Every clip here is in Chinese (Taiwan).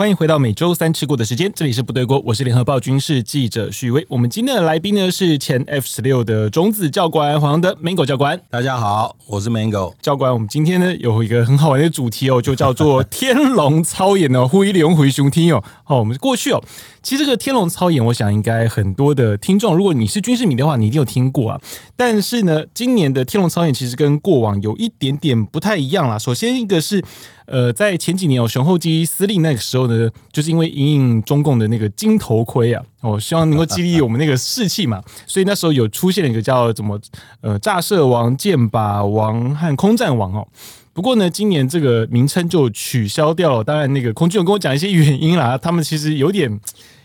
歡迎回到每周三吃過的時間，這裡是部隊鍋，我是聯合報軍事記者徐威。我們今天的來賓呢是前 F 十六的種子教官黃揚德 Mango 教官，大家好，我是 Mango 教官。我們今天呢有一個很好玩的主題哦，就叫做天操，哦“ 灰灰天龍操演”的“灰臉熊回熊聽友”。哦，我們過去哦，其實這個“天龍操演”，我想應該很多的聽眾，如果你是軍事迷的話，你一定有聽過啊。但是呢，今年的“天龍操演”其實跟過往有一點點不太一樣啦。首先，一個是呃，在前幾年我、哦、熊厚基司令那個時候呢，就是因為因應中共的那個金頭盔啊，我、哦、希望能夠激勵我們那個士氣嘛， 所以那時候有出現了一個叫什麼呃炸射王、劍靶王和空戰王哦。不過呢，今年這個名稱就取消掉了。當然，那個空軍有跟我講一些原因啦，他們其實有點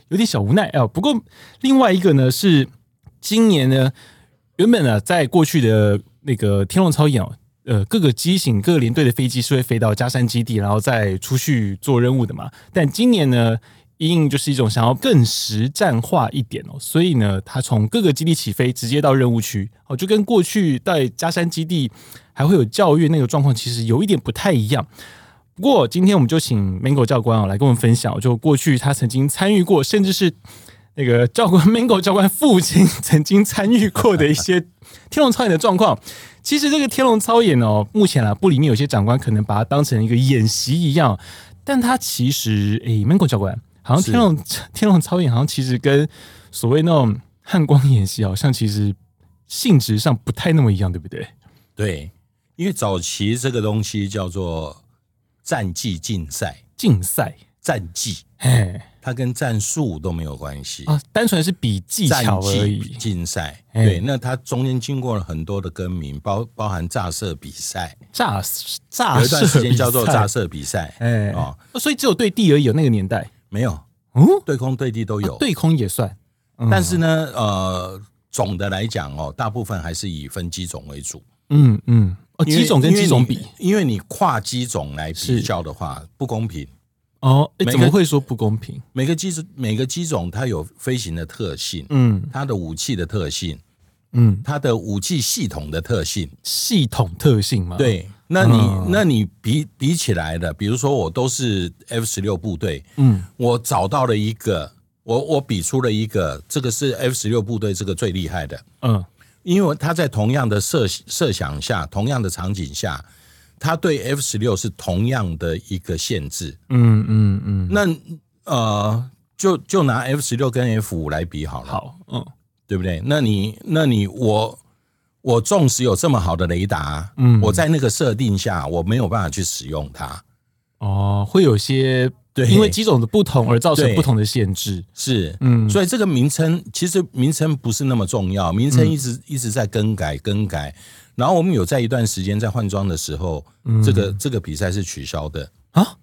有點小無奈啊、呃。不過另外一個呢，是今年呢，原本呢、啊，在過去的那個天龍操演、哦呃，各個機型、各個連隊的飛機是會飛到佳山基地，然後再出去做任務的嘛。但今年呢，因就是一種想要更實戰化一點哦，所以呢，他從各個基地起飛，直接到任務區哦，就跟過去在佳山基地還會有教育那個狀況，其實有一點不太一樣。不過今天我們就請 Mango 教官哦來跟我們分享、哦，就過去他曾經參與過，甚至是。那個教官 Mango 教官父親曾經參與過的一些天龍操演的狀況， 其實這個天龍操演哦，目前啊，部裡面有些長官可能把它當成一個演習一樣，但他其實誒、欸、Mango 教官好像天龍天龍操演好像其實跟所謂那種漢光演習好像其實性質上不太那麼一樣，對不對？對，因為早期這個東西叫做戰技競賽，競賽。戰技，hey. 它跟戰術都沒有關係啊，oh, 單純是比技巧而已。競賽，對，那它中間經過了很多的更名，包包含炸射比賽，炸炸射比賽，有一段時間叫做炸射比賽，哎、hey. 哦哦那個，哦，所以只有對地而已、哦，有那個年代沒有？哦，對空對地都有，啊、對空也算、嗯，但是呢，呃，總的來講哦，大部分還是以分機種為主。嗯嗯，哦，機種跟機種比，因為你,因為你跨機種來比較的話，不公平。哦、欸，怎麼會說不公平？每個機種，每個機種它有飛行的特性，嗯，它的武器的特性，嗯，它的武器系統的特性，系統特性嗎？對，那你、嗯、那你比比起來的，比如說我都是 F 十六部隊，嗯，我找到了一個，我我比出了一個，這個是 F 十六部隊這個最厲害的，嗯，因為他在同樣的設設想下，同樣的場景下。它對 F 十六是同樣的一個限制，嗯嗯嗯。那呃，就就拿 F 十六跟 F 五來比好了。好，嗯、哦，對不對？那你那你我我縱使有這麼好的雷達，嗯，我在那個設定下，我沒有辦法去使用它。哦，會有些對，因為機種的不同而造成不同的限制。是，嗯，所以這個名稱其實名稱不是那麼重要，名稱一直、嗯、一直在更改更改。然後我們有在一段時間在換裝的時候，嗯、這個這個比賽是取消的啊？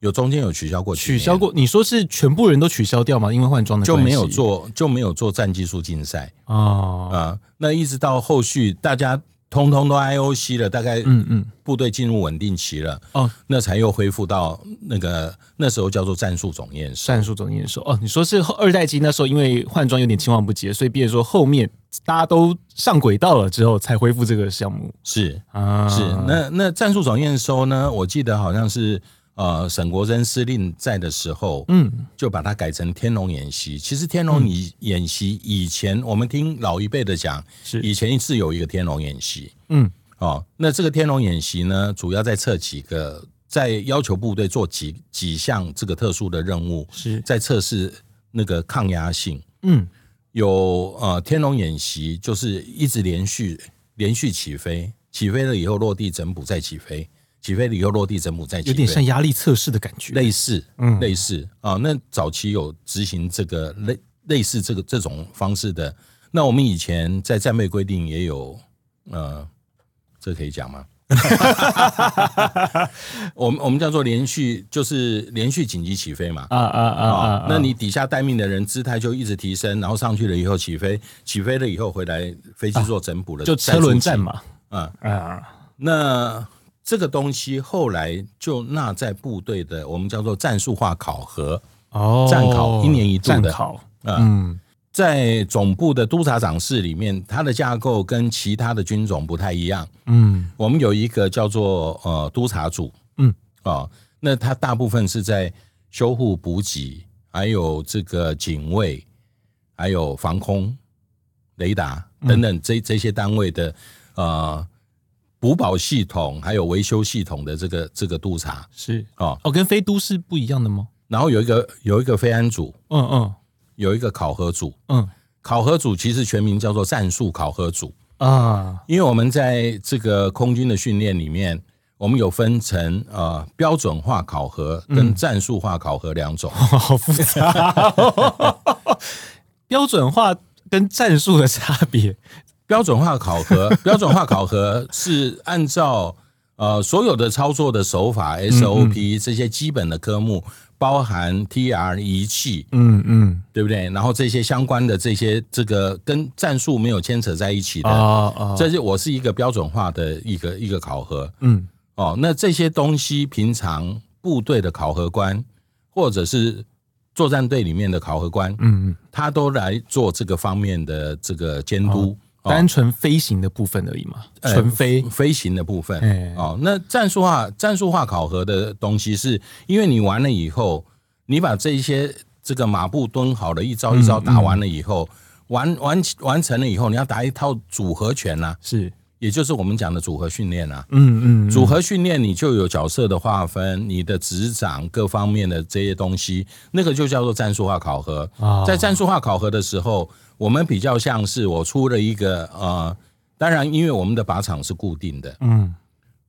有中間有取消過？取消過？你說是全部人都取消掉嗎？因為換裝的就沒有做就沒有做戰技術競賽啊啊、哦呃！那一直到後續大家通通都 IOC 了，大概嗯嗯，部隊進入穩定期了哦、嗯嗯，那才又恢復到那個那時候叫做戰術總驗收戰術總驗收哦。你說是二代機那時候因為換裝有點青黃不接，所以變說後面。大家都上軌道了之後，才恢復這個項目。是啊，是那那戰術總驗收呢？我記得好像是呃，沈國禎司令在的時候，嗯，就把它改成天龍演習。其實天龍、嗯、演習以前，我們聽老一輩的講，是以前一次有一個天龍演習，嗯，哦，那這個天龍演習呢，主要在測幾個，在要求部隊做幾幾項這個特殊的任務，是在測試那個抗壓性，嗯。有呃，天龍演習就是一直連續連續起飛，起飛了以後落地整補再起飛，起飛了以後落地整補再起飛，有點像壓力測試的感覺，類似，嗯，類似啊，呃。那早期有執行這個類類似這個這種方式的，那我們以前在戰備規定也有，呃，這可以講嗎？哈哈哈！哈，我們我們叫做連續，就是連續緊急起飛嘛，啊啊啊、哦、啊！那你底下待命的人姿態就一直提升，然後上去了以後起飛，起飛了以後回來，飛機做整補了、啊，就車輪戰嘛，啊、嗯、啊，那這個東西後來就納在部隊的我們叫做戰術化考核，哦，戰考一年一度的戰考。嗯。嗯在總部的督察長室裡面，它的架構跟其他的軍種不太一樣。嗯，我們有一個叫做呃督察組。嗯哦，那它大部分是在修護補給，還有這個警衛，還有防空雷達等等、嗯、這這些單位的呃補保系統，還有維修系統的這個這個督察是哦，跟飛都是不一樣的嗎？然後有一個有一個飛安組。嗯、哦、嗯、哦。有一個考核組，嗯，考核組其實全名叫做戰術考核組啊，因為我們在這個空軍的訓練裡面，我們有分成呃標準化考核跟戰術化考核兩種。嗯哦，好複雜， 標準化跟戰術的差別，標準化考核，標準化考核是按照呃所有的操作的手法，SOP，嗯嗯，這些基本的科目。包含 T R 儀器，嗯嗯，對不對？然後這些相關的這些這個跟戰術沒有牽扯在一起的，哦哦、這是我是一個標準化的一個一個考核，嗯哦，那這些東西平常部隊的考核官或者是作戰隊裡面的考核官，嗯嗯，他都來做這個方面的這個監督。哦單純飛行的部分而已嘛，純、呃、飛飛行的部分。欸欸欸哦，那戰術化戰術化考核的東西是，是因為你完了以後，你把這一些這個馬步蹲好了，一招一招打完了以後，嗯嗯完完完成了以後，你要打一套組合拳啊，是，也就是我們講的組合訓練啊。嗯，嗯嗯，組合訓練你就有角色的劃分，你的職掌各方面的這些東西，那個就叫做戰術化考核。哦、在戰術化考核的時候。我們比較像是我出了一個呃，當然因為我們的靶場是固定的，嗯，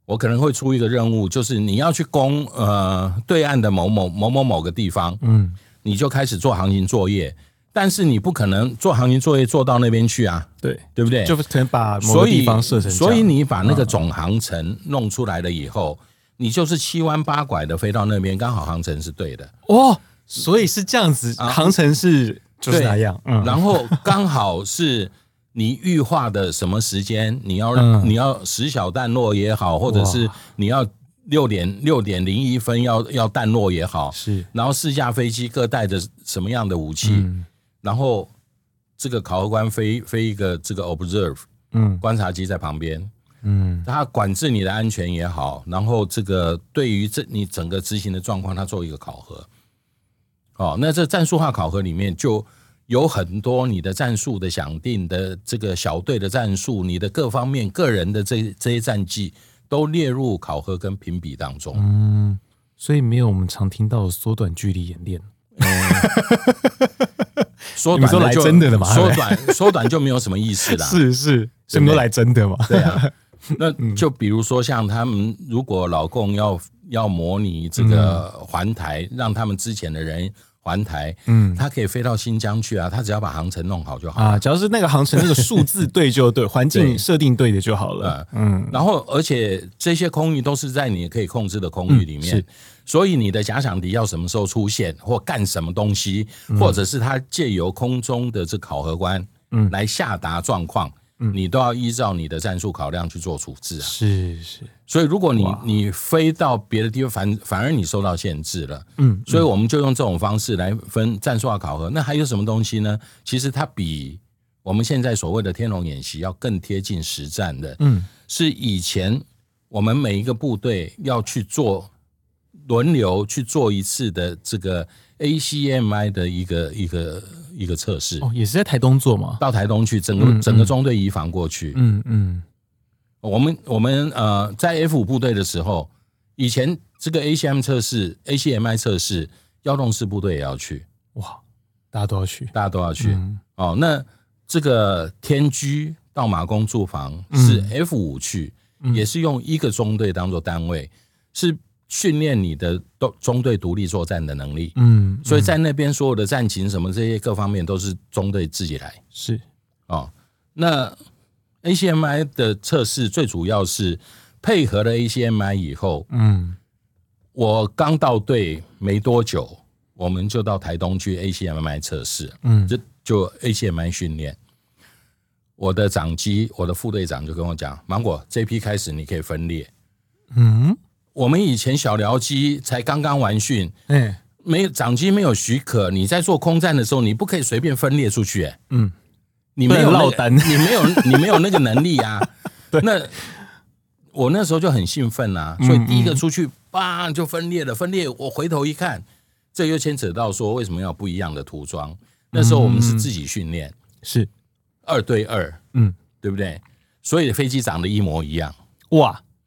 我可能會出一個任務，就是你要去攻呃對岸的某某某某某個地方，嗯，你就開始做航行作業，但是你不可能做航行作業做到那邊去啊，對，對不對？就不能把某地方設成，所以，所以你把那個總航程弄出來了以後，嗯、你就是七彎八拐的飛到那邊，剛好航程是對的哦，所以是這樣子，啊、航程是。就是那樣，嗯，然後剛好是你預劃的什麼時間， 你要你要十小彈落也好，或者是你要六點六點零一分要要彈落也好，是，然後四架飛機各帶着什麼樣的武器，嗯，然後這個考核官飛飛一個這個 observe，嗯，觀察機在旁邊，嗯，他管制你的安全也好，然後這個對於這你整個執行的狀況，他做一個考核。哦，那這戰術化考核裡面就有很多你的戰術的想定的這個小隊的戰術，你的各方面個人的這一這一戰技都列入考核跟評比當中。嗯，所以沒有我們常聽到的縮短距離演練。哈哈哈！哦 哈縮短來真的嘛？縮短縮短就沒有什麼意思了，啊。是是，什麼都來真的嘛？對啊。那就比如說像他們，如果老共要要模擬這個環台、嗯，讓他們之前的人。環台，嗯，它可以飛到新疆去啊，它只要把航程弄好就好了啊，只要是那個航程那個數字對就對，環 境設定對的就好了，啊。嗯，然後而且這些空域都是在你可以控制的空域裡面，嗯，是，所以你的假想敵要什麼時候出現或幹什麼東西，或者是他借由空中的這考核官，嗯，來下達狀況。你都要依照你的戰術考量，去做處置啊，是是，是。所以如果你你飛到別的地方，反反而你受到限制了。嗯，嗯，所以我們就用這種方式來分戰術化考核。那還有什麼東西呢？其實它比我們現在所謂的天龍演習要更貼近實戰的。嗯，嗯，是以前我們每一個部隊要去做輪流去做一次的這個 ACMI 的一個一個。一個測試、哦，也是在台東做嗎？到台東去，整個、嗯嗯、整個中隊移防過去。嗯嗯，我們我們呃，在 F 五部隊的時候，以前這個 ACM 測試、ACMI 測試，幺洞四部隊也要去。哇，大家都要去，大家都要去。嗯、哦，那這個天居到馬公駐防是 F5，是 F 五去，也是用一個中隊當做單位是。訓練你的中隊獨立作戰的能力，嗯，嗯，所以在那邊所有的戰勤什麼這些各方面都是中隊自己來是，是、哦、那 ACMI 的測試最主要是配合了 ACMI 以後，嗯，我剛到隊沒多久，我們就到台東去 ACMI 測試，嗯，就 ACMI 訓練。我的長機，我的副隊長就跟我講：“芒果，這一批開始你可以分裂。”嗯。我們以前小僚機才剛剛完訓，哎、欸，機沒有長機沒有許可，你在做空戰的時候，你不可以隨便分裂出去、欸，哎，嗯，你沒有、那個、落單你沒有，你沒有那個能力啊。對，那我那時候就很興奮啊，所以第一個出去，叭、嗯嗯、就分裂了，分裂。我回頭一看，這又牽扯到說為什麼要不一樣的塗裝、嗯？那時候我們是自己訓練、嗯，是二對二，嗯，對不對？所以飛機長得一模一樣，哇！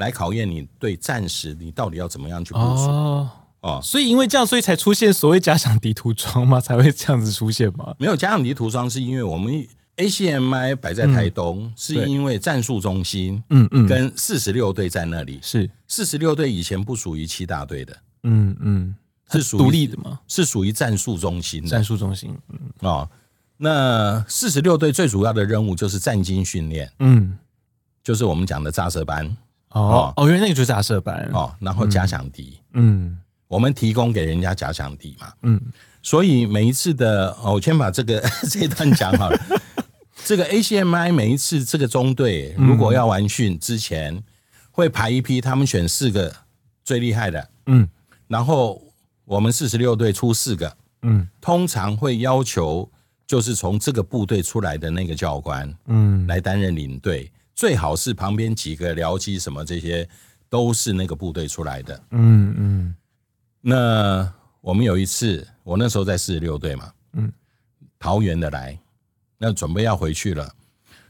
來考驗你對戰時你到底要怎麼樣去部署，哦哦，所以因為這樣，所以才出現所謂假想敵塗裝嘛，才會這樣子出現嘛。沒有假想敵塗裝，是因為我們 ACMI 擺在台東、嗯，是因為戰術中心，嗯嗯，跟四十六隊在那裡是四十六隊以前不屬於七大隊的，嗯嗯，是獨立的嗎？是屬於戰術中，中心，戰術中心哦，那四十六隊最主要的任務就是戰經訓練，嗯，就是我們講的扎蛇班。哦，哦，原來那個就是雜設班哦，哦，哦、嗯，然後假想敵，嗯，我們提供給人家假想敵嘛，嗯，所以每一次的，哦，我先把這個 這一段講好了。 這個 ACMI 每一次這個中隊如果要完訓之前、嗯，會排一批，他們選四個最厲害的，嗯，然後我們四十六隊出四個，嗯，通常會要求就是從這個部隊出來的那個教官，嗯，來擔任領隊。最好是旁邊幾個僚機什麼這些都是那個部隊出來的。嗯嗯。那我們有一次，我那時候在四十六隊嘛。嗯。桃園的來，那準備要回去了，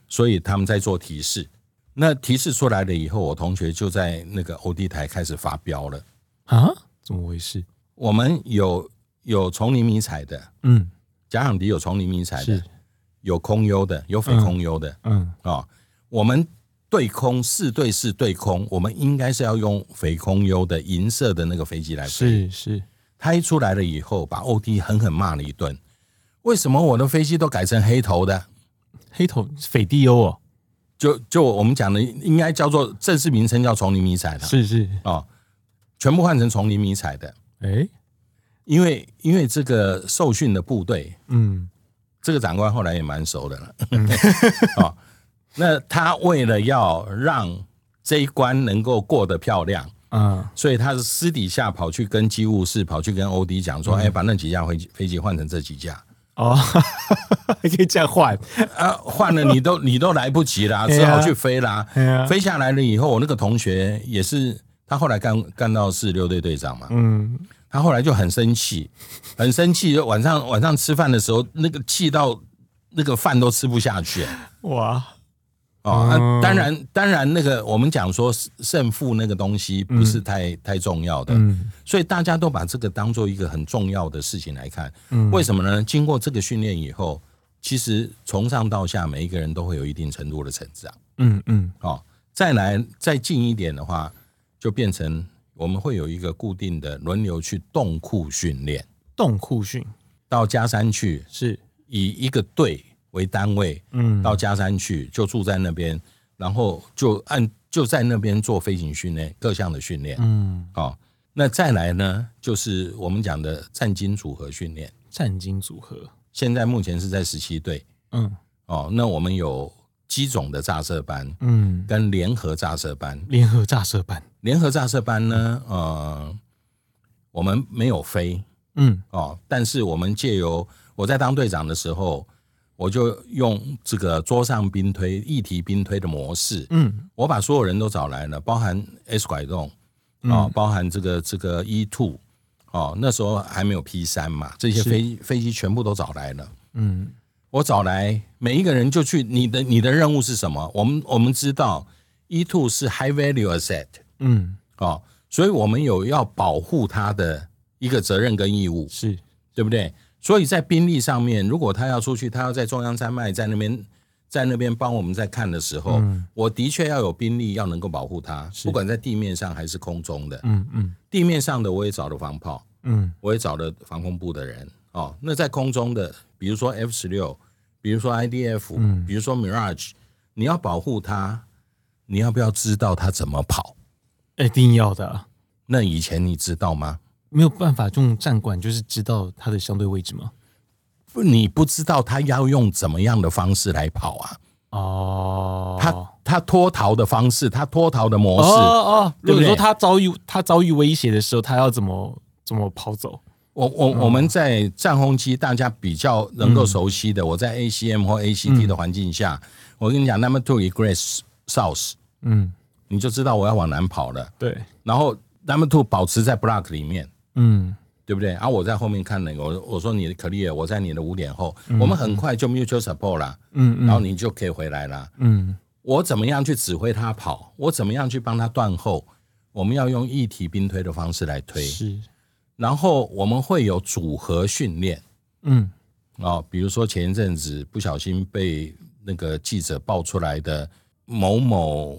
所以他們在做提示。那提示出來了以後，我同學就在那個歐弟台開始發飆了。啊？怎麼回事？我們有有叢林迷彩的，嗯，假想敵有叢林迷彩的，有空優的，有非空優的，嗯啊。嗯哦我們對空四對四對空，我們應該是要用斐空優的銀色的那個飛機來飛。是是，拍出來了以後，把歐弟狠狠罵了一頓。為什麼我的飛機都改成黑頭的？黑頭斐迪優哦，就就我們講的應該叫做正式名稱叫叢林迷彩的。是是哦，全部換成叢林迷彩的。哎，因為因為這個受訓的部隊，嗯，這個長官後來也蠻熟的了、嗯 那他為了要讓這一關能夠過得漂亮，嗯、所以他是私底下跑去跟機務室跑去跟歐迪講說：“哎、嗯欸，把那幾架飛機飛機換成這幾架。”哦， 可以這樣換啊？換了你都你都來不及了、啊， 只好去飛啦、啊。 飛下來了以後，我那個同學也是，他後來幹幹到四十六隊隊長嘛，嗯，他後來就很生氣，很生氣。晚上晚上吃飯的時候，那個氣到那個飯都吃不下去。哇！哦，那、啊、當然，當然，那個我們講說勝負那個東西不是太、嗯、太重要的、嗯，所以大家都把這個當做一個很重要的事情來看。嗯、為什麼呢？經過這個訓練以後，其實從上到下每一個人都會有一定程度的成長。嗯嗯。哦，再來再近一點的話，就變成我們會有一個固定的輪流去洞庫訓練，洞庫訓到佳山去，是以一個隊為單位，嗯，到佳山去就住在那邊，然後就按就在那邊做飛行訓練，各項的訓練，嗯，啊、哦，那再來呢，就是我們講的戰金組合訓練，戰金組合，現在目前是在十七隊，嗯，哦，那我們有機種的炸射班，嗯，跟聯合炸射班，聯合炸射班，聯合炸射班呢、嗯，呃，我們沒有飛，嗯，哦，但是我們借由我在當隊長的時候，我就用這個桌上兵推議題兵推的模式，嗯，我把所有人都找來了，包含 S 拐洞啊，包含這個這個 E Two 哦，那時候還沒有 P 三嘛，這些飛飛機全部都找來了，嗯，我找來每一個人就去你的你的任務是什麼？我們我們知道 E Two 是 High Value Asset，嗯，哦，所以我們有要保護他的一個責任跟義務，是對不對？所以在兵力上面，如果他要出去，他要在中央山脈，在那邊，在那邊幫我們在看的時候，嗯、我的確要有兵力要能夠保護他，不管在地面上還是空中的。嗯嗯，地面上的我也找了防炮，嗯，我也找了防空部的人。哦，那在空中的，比如說 F-16，比如說 IDF，、嗯、比如說 Mirage，你要保護他，你要不要知道他怎麼跑？一定要的。那以前你知道嗎？沒有辦法用戰管就是知道它的相對位置嗎？不，你不知道他要用怎麼樣的方式來跑啊？哦、oh.，他他脫逃的方式，他脫逃的模式哦哦、oh, oh.，如果說他遭遇他遭遇威脅的時候，他要怎麼怎麼跑走？我我、oh. 我們在戰轟機，大家比較能夠熟悉的，嗯、我在 ACM 或 ACT 的環境下，嗯、我跟你講 Number Two Egress South，嗯，你就知道我要往南跑了。對，然後 Number Two 保持在 Block 裡面。嗯，對不對？啊，我在後面看那個，我說：“你的 clear，我在你的五點後，嗯，我們很快就 mutual support 啦。嗯”嗯嗯，然後你就可以回來了。嗯，我怎麼樣去指揮他跑？我怎麼樣去幫他斷後？我們要用一體兵推的方式來推。是，然後我們會有組合訓練。嗯，啊、哦，比如說前一陣子不小心被那個記者爆出來的某某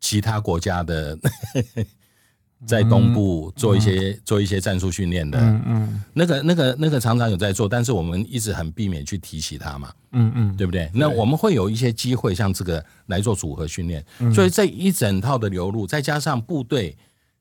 其他國家的。 在東部做一些、嗯嗯、做一些戰術訓練的，嗯嗯，那個那個那個常常有在做，但是我們一直很避免去提起它嘛，嗯嗯，對不對？對，那我們會有一些機會像這個來做組合訓練、嗯，所以這一整套的流入，再加上部隊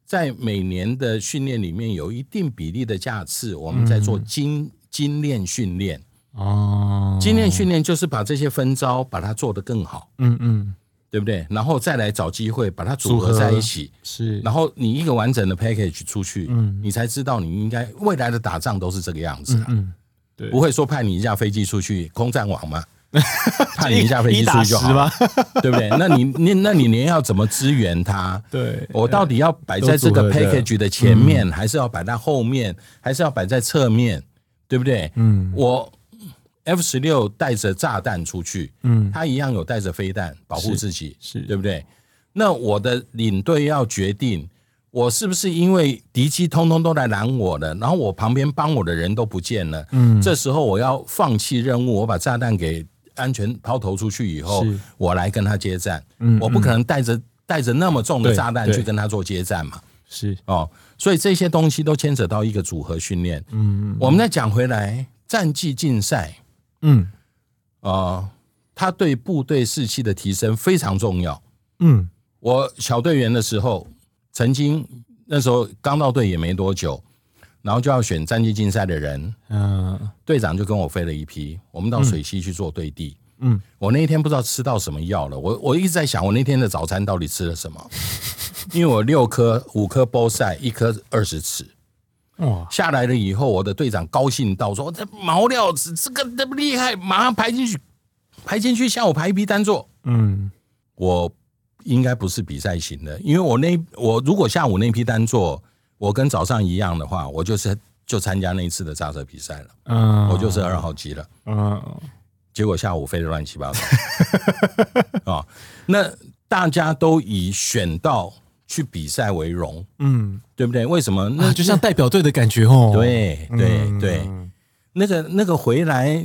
在每年的訓練裡面有一定比例的架次，我們在做精、嗯、精練訓練，哦，精練訓練就是把這些分招把它做得更好，嗯嗯。對不對？然後再來找機會把它組合在一起，是。然後你一個完整的 package 出去，嗯，你才知道你應該未來的打仗都是這個樣子啊，嗯，嗯，對，不會說派你一架飛機出去空戰網嗎？ 派你一架飛機出去就好了嗎？ 對不對？那你你那你那你連要怎麼支援它？對我到底要擺在這個 package 的前面，還是要擺在後面，嗯，還是要擺在側面？對不對？嗯，我。F-16 帶着炸彈出去，嗯，他一樣有帶着飛彈保護自己，是，是，對不對？那我的領隊要決定，我是不是因為敵機通通都來攔我的，然後我旁邊幫我的人都不見了，嗯，這時候我要放棄任務，我把炸彈給安全拋投出去以後，我來跟他接戰，嗯，我不可能帶着帶着那麼重的炸彈去跟他做接戰嘛，是哦，所以這些東西都牽扯到一個組合訓練，嗯，我們再講回來，戰績競賽。嗯，啊、呃，他對部隊士氣的提升非常重要。嗯，我小隊員的時候，曾經那時候剛到隊也沒多久，然後就要選戰技競賽的人。嗯、呃，隊長就跟我飛了一批，我們到水溪去做對地。嗯，嗯我那一天不知道吃到什麼藥了，我我一直在想，我那天的早餐到底吃了什麼？ 因為我六顆、五顆波塞，一顆二十尺。下來了以後，我的隊長高興到說：“這毛料子這個這麼厲害，馬上排進去，排進去。下午排一批單座。嗯，我應該不是比賽型的，因為我那我如果下午那批單座，我跟早上一樣的話，我就是就參加那一次的扎車比賽了。嗯，我就是二號機了。嗯，結果下午飛得亂七八糟。啊、 哦，那大家都已選到。”去比賽為榮，嗯，對不對？為什麼？那、啊、就像代表隊的感覺哦，對對、嗯、對,對，那個那個回來，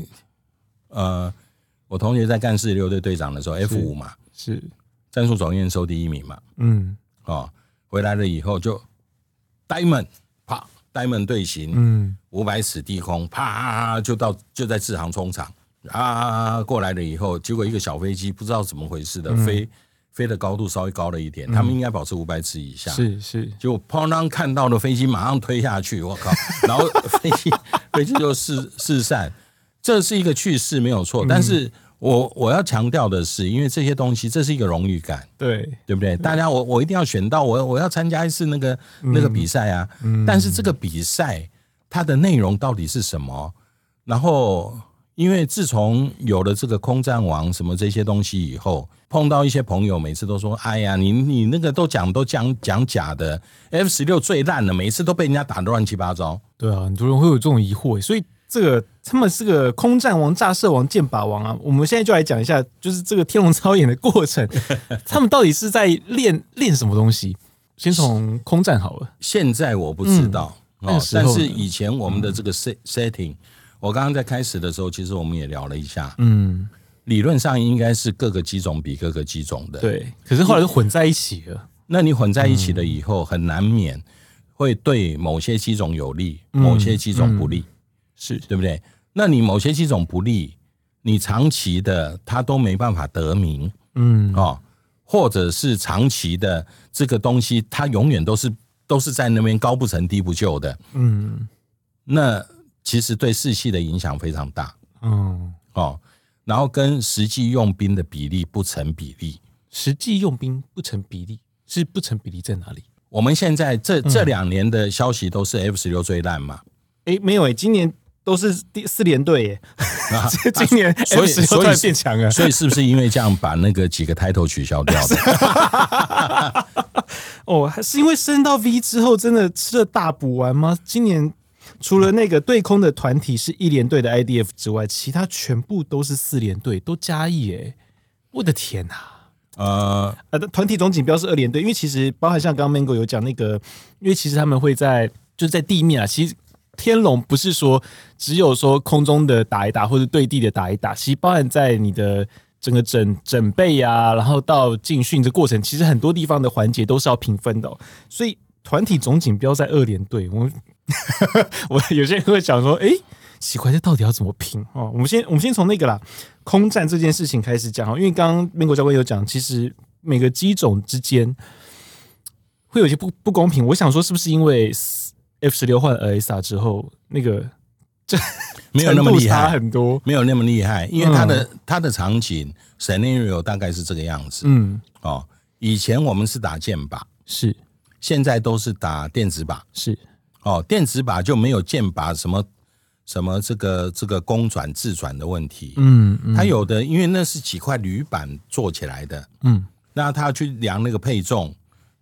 呃，我同學在幹四十六隊隊長的時候，F 五嘛，是戰術總驗收第一名嘛，嗯，哦，回來了以後就 Diamond 啪，Diamond 隊形，嗯，五百尺低空，啪就到就在志航衝場，啊，過來了以後，結果一個小飛機不知道怎麼回事的、嗯、飛。飛的高度稍微高了一點，嗯、他們應該保持五百尺以下。是是，就哐 o 看到的飛機馬上推下去，我靠！然後飛機 飛機就四四散，這是一個趣事，沒有錯。嗯、但是我我要強調的是，因為這些東西，這是一個榮譽感，對，對不對？對大家我我一定要選到我我要參加一次那個、嗯、那個比賽啊、嗯！但是這個比賽它的內容到底是什麼？然後。因為自從有了這個空戰王什麼這些東西以後，碰到一些朋友，每次都說：“哎呀，你你那個都講都講講假的，F 十六最爛的，每次都被人家打得亂七八糟。”對啊，很多人會有這種疑惑，所以這個他們是個空戰王、炸射王、箭靶王啊。我們現在就來講一下，就是這個天龍操演的過程，他們到底是在練練什麼東西？先從空戰好了。現在我不知道、嗯喔、但是以前我們的這個 setting、嗯。我剛剛在開始的時候，其實我們也聊了一下，嗯，理論上應該是各個機種比各個機種的，對。可是後來就混在一起了、嗯。那你混在一起了以後，很難免會對某些機種有利，嗯、某些機種不利，嗯嗯、是對不對？那你某些機種不利，你長期的它都沒辦法得名，嗯啊、哦，或者是長期的這個東西，它永遠都是都是在那邊高不成低不就的，嗯，那。其實對士氣的影響非常大，嗯哦，然後跟實際用兵的比例不成比例，實際用兵不成比例是不成比例在哪裡？我們現在這、嗯、這兩年的消息都是 F 十六最爛嘛？哎、欸、沒有哎、欸，今年都是第四連隊，啊、 今年 F16、啊、所以所以變強了，所以、所以 所以是不是因為這樣把那個幾個 title 取消掉的？ 哦，還是因為升到 V 之後真的吃了大補丸嗎？今年？除了那個對空的團體是一聯隊的 IDF 之外，其他全部都是四聯隊都嘉義耶，我的天哪、啊，呃呃，團體總錦標是二聯隊，因為其實包含像剛剛 Mango 有講那個，因為其實他們會在就是在地面啊，其實天龍不是說只有說空中的打一打或者對地的打一打，其實包含在你的整個整，整備呀，、啊，然後到進訓的過程，其實很多地方的環節都是要評分的，喔，所以團體總錦標在二聯隊，我。 我有些人會想說：“哎、欸，奇怪，這到底要怎麼拼哦？”我們先我們先從那個啦，空戰這件事情開始講哦。因為剛剛 Mango 教官有講，其實每個機種之間會有些不不公平。我想說，是不是因為 F 十六換 AESA 之後，那個這沒有那麼厲害很多，沒有那麼厲害，因為它的它的場景 scenario、嗯、大概是這個樣子。嗯，哦，以前我們是打劍靶，是現在都是打電子靶，是。哦，電子靶就沒有箭靶什麼什麼這個這個公轉自轉的問題。嗯，嗯，它有的，因為那是幾塊鋁板做起來的。嗯，那他去量那個配重，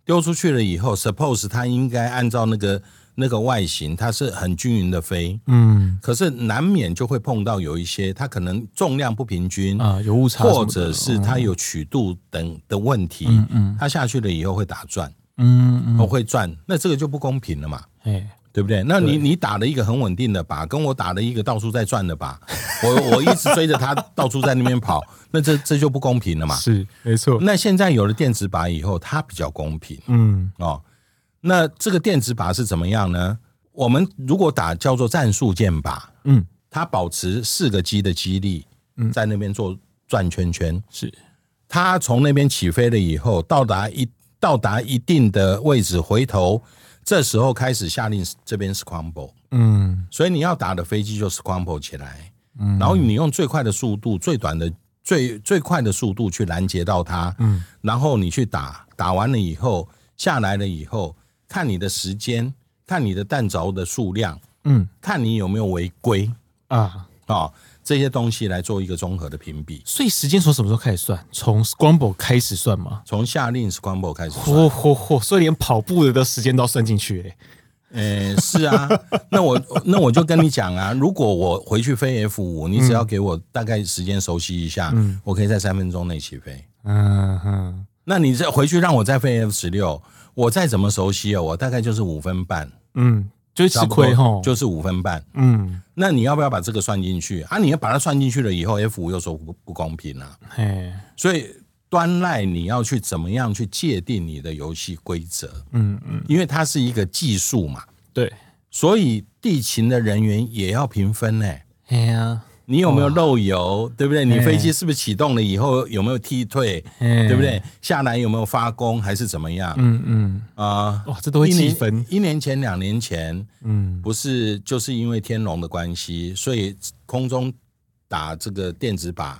丟出去了以後，suppose 它應該按照那個那個外形，它是很均勻的飛。嗯，可是難免就會碰到有一些它可能重量不平均啊，有誤差的，或者是它有曲度等的問題。嗯嗯，它下去了以後會打轉。嗯嗯，會轉，那這個就不公平了嘛。哎、欸，對不對？那你你打了一個很穩定的靶，跟我打了一個到處在轉的靶，我我一直追着他到處在那邊跑， 那這這就不公平了嘛？是，沒錯。那現在有了電子靶以後，它比較公平。嗯，哦，那這個電子靶是怎麼樣呢？我們如果打叫做戰術箭靶，嗯，它保持四個機的激勵，嗯，在那邊做轉圈圈，嗯。是，它從那邊起飛了以後，到達一到達一定的位置，回頭。這時候開始下令這邊 scramble，嗯，所以你要打的飛機就 scramble 起來，嗯，然後你用最快的速度、最短的、最最快的速度去攔截到它，嗯，然後你去打，打完了以後下來了以後，看你的時間，看你的彈着的數量，嗯，看你有沒有違規啊好、哦這些東西來做一個綜合的評比，所以時間從什麼時候開始算？從 scramble 開始算嗎？從下令 scramble 開始算。嚯嚯嚯！所以連跑步的時間都要算進去誒、欸欸。是啊。 那我那我就跟你講啊，如果我回去飛 F 五，你只要給我大概時間熟悉一下，嗯，我可以在三分鐘內起飛。嗯哼、嗯。那你再回去讓我再飛 F 十六，我再怎麼熟悉、哦、我大概就是五分半。嗯。就吃虧就是五分半。嗯，那你要不要把這個算進去啊？你要把它算進去了以後，F 五又說不，不公平了、啊。嘿，所以端賴你要去怎麼樣去界定你的遊戲規則？嗯嗯，因為它是一個技術嘛，對，所以地勤的人員也要平分呢、欸。哎呀、啊。你有沒有漏油，對不對？你飛機是不是啟動了以後、欸、有沒有踢退、欸，對不對？下來有沒有發功還是怎麼樣？嗯嗯啊、呃，哇，這都會積分。一年前、兩年前，嗯，不是就是因為天龍的關係，所以空中打這個電子靶，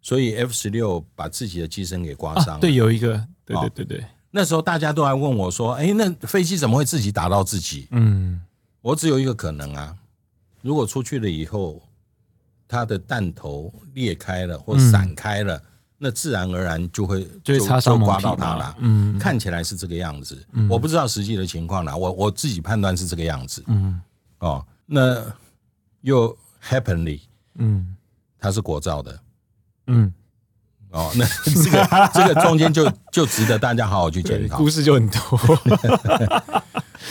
所以 F 十六把自己的機身給刮傷、啊、對，有一個對、哦，對對對對。那時候大家都還問我說：“哎，那飛機怎麼會自己打到自己？”嗯，我只有一個可能啊，如果出去了以後。它的彈頭裂開了，或散開了、嗯，那自然而然就會，就，就，會就刮到它了。嗯，看起來是這個樣子。嗯，我不知道實際的情況啦，我我自己判斷是這個樣子。嗯，哦，那又 happen 了，嗯，它是國造的。嗯，哦，那這個這個中間就就值得大家好好去檢討， 故事就很多。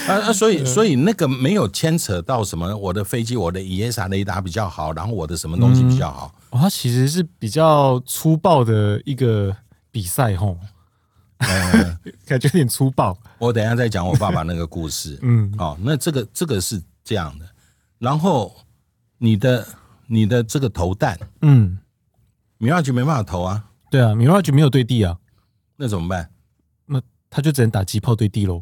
啊 啊！所以所以那個沒有牽扯到什麼我，我的飛機，我的 AESA 雷達比較好，然後我的什麼東西比較好。嗯哦、它其實是比較粗暴的一個比賽，吼，呃、嗯，嗯、 感覺有點粗暴。我等一下再講我爸爸那個故事。嗯，哦，那這個這個是這樣的。然後你的你的這個投彈，嗯，米拉吉沒辦法投啊，對啊，米拉吉沒有對地啊，那怎麼辦？那他就只能打機炮對地嘍。